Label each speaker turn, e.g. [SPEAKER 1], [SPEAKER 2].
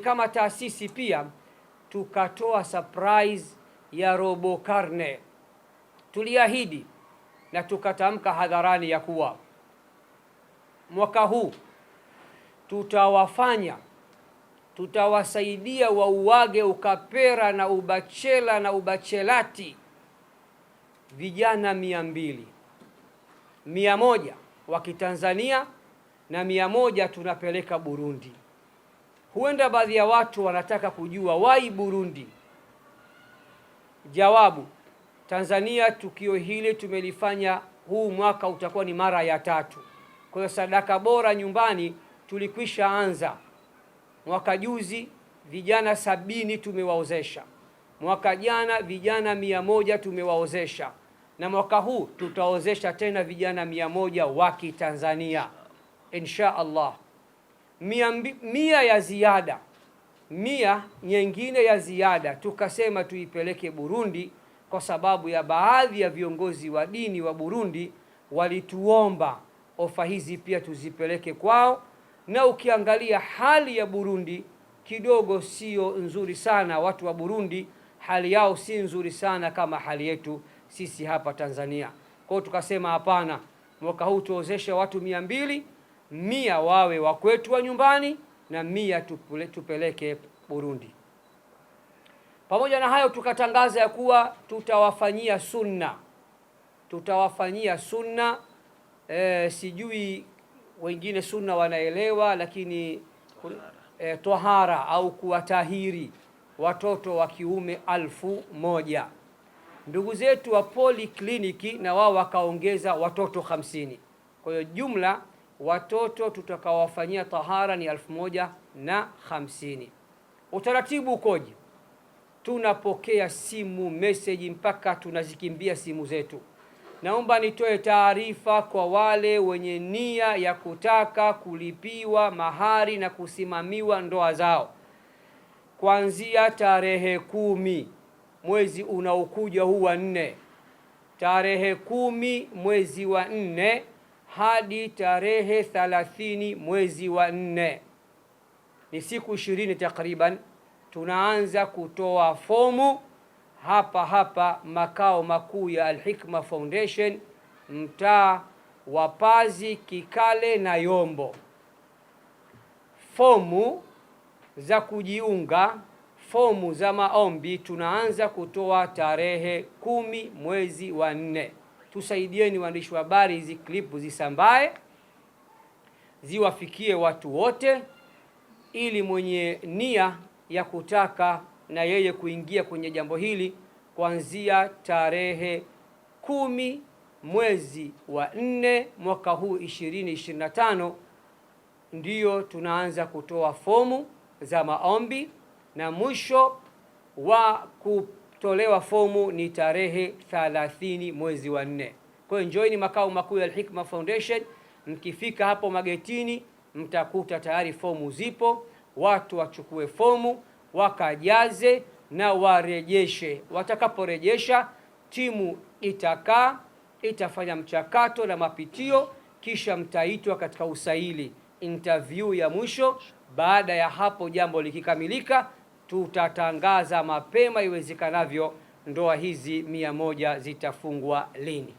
[SPEAKER 1] Kama taasisi pia tukatoa surprise ya robo karne. Tuliahidi na tukatamka hadharani ya kuwa mwaka huu tutawafanya, tutawasaidia wauage ukapera na ubachela na ubachelati vijana mia mbili, mia moja wa Kitanzania na mia moja tunapeleka Burundi. Huenda baadhi ya watu wanataka kujua wai Burundi. Jawabu, Tanzania tukio hili tumelifanya huu mwaka utakuwa ni mara ya tatu. Kwa hiyo sadaka bora nyumbani tulikwisha anza mwaka juzi, vijana sabini tumewaozesha, mwaka jana vijana mia moja tumewaozesha, na mwaka huu tutaozesha tena vijana mia moja wa Kitanzania insha Allah mia, mia ya ziada mia nyingine ya ziada tukasema tuipeleke Burundi kwa sababu ya baadhi ya viongozi wa dini wa Burundi walituomba ofa hizi pia tuzipeleke kwao, na ukiangalia hali ya Burundi kidogo sio nzuri sana. Watu wa Burundi hali yao si nzuri sana kama hali yetu sisi hapa Tanzania. Kwa hiyo tukasema hapana, mwaka huu tuozeshe watu mia mbili mia wawe wa kwetu wa nyumbani na mia tupule, tupeleke Burundi. Pamoja na hayo, tukatangaza ya kuwa tutawafanyia sunna, tutawafanyia sunna e, sijui wengine sunna wanaelewa, lakini e, tohara au kuwatahiri watoto wa kiume alfu moja ndugu zetu wa polikliniki na wao wakaongeza watoto hamsini. Kwa hiyo jumla watoto tutakaowafanyia tahara ni elfu moja na hamsini. Utaratibu ukoje? Tunapokea simu meseji, mpaka tunazikimbia simu zetu. Naomba nitoe taarifa kwa wale wenye nia ya kutaka kulipiwa mahari na kusimamiwa ndoa zao kuanzia tarehe kumi mwezi unaokuja huu wa nne, tarehe kumi mwezi wa nne hadi tarehe 30 mwezi wa nne, ni siku ishirini takriban, tunaanza kutoa fomu hapa hapa makao makuu ya Al-Hikma Foundation mtaa wa Pazi, Kikale na Yombo. Fomu za kujiunga, fomu za maombi tunaanza kutoa tarehe kumi mwezi wa nne tusaidieni waandishi wa habari, hizi klipu zisambae, ziwafikie watu wote, ili mwenye nia ya kutaka na yeye kuingia kwenye jambo hili kuanzia tarehe kumi mwezi wa nne mwaka huu 2025 ndiyo tunaanza kutoa fomu za maombi na mwisho wa ku kutolewa fomu ni tarehe 30 mwezi wa nne. Kwa hiyo njoini makao makuu ya Al-Hikma Foundation, mkifika hapo magetini mtakuta tayari fomu zipo, watu wachukue fomu wakajaze na warejeshe. Watakaporejesha, timu itakaa itafanya mchakato na mapitio, kisha mtaitwa katika usaili, interview ya mwisho. Baada ya hapo, jambo likikamilika tutatangaza mapema iwezekanavyo ndoa hizi mia moja zitafungwa lini.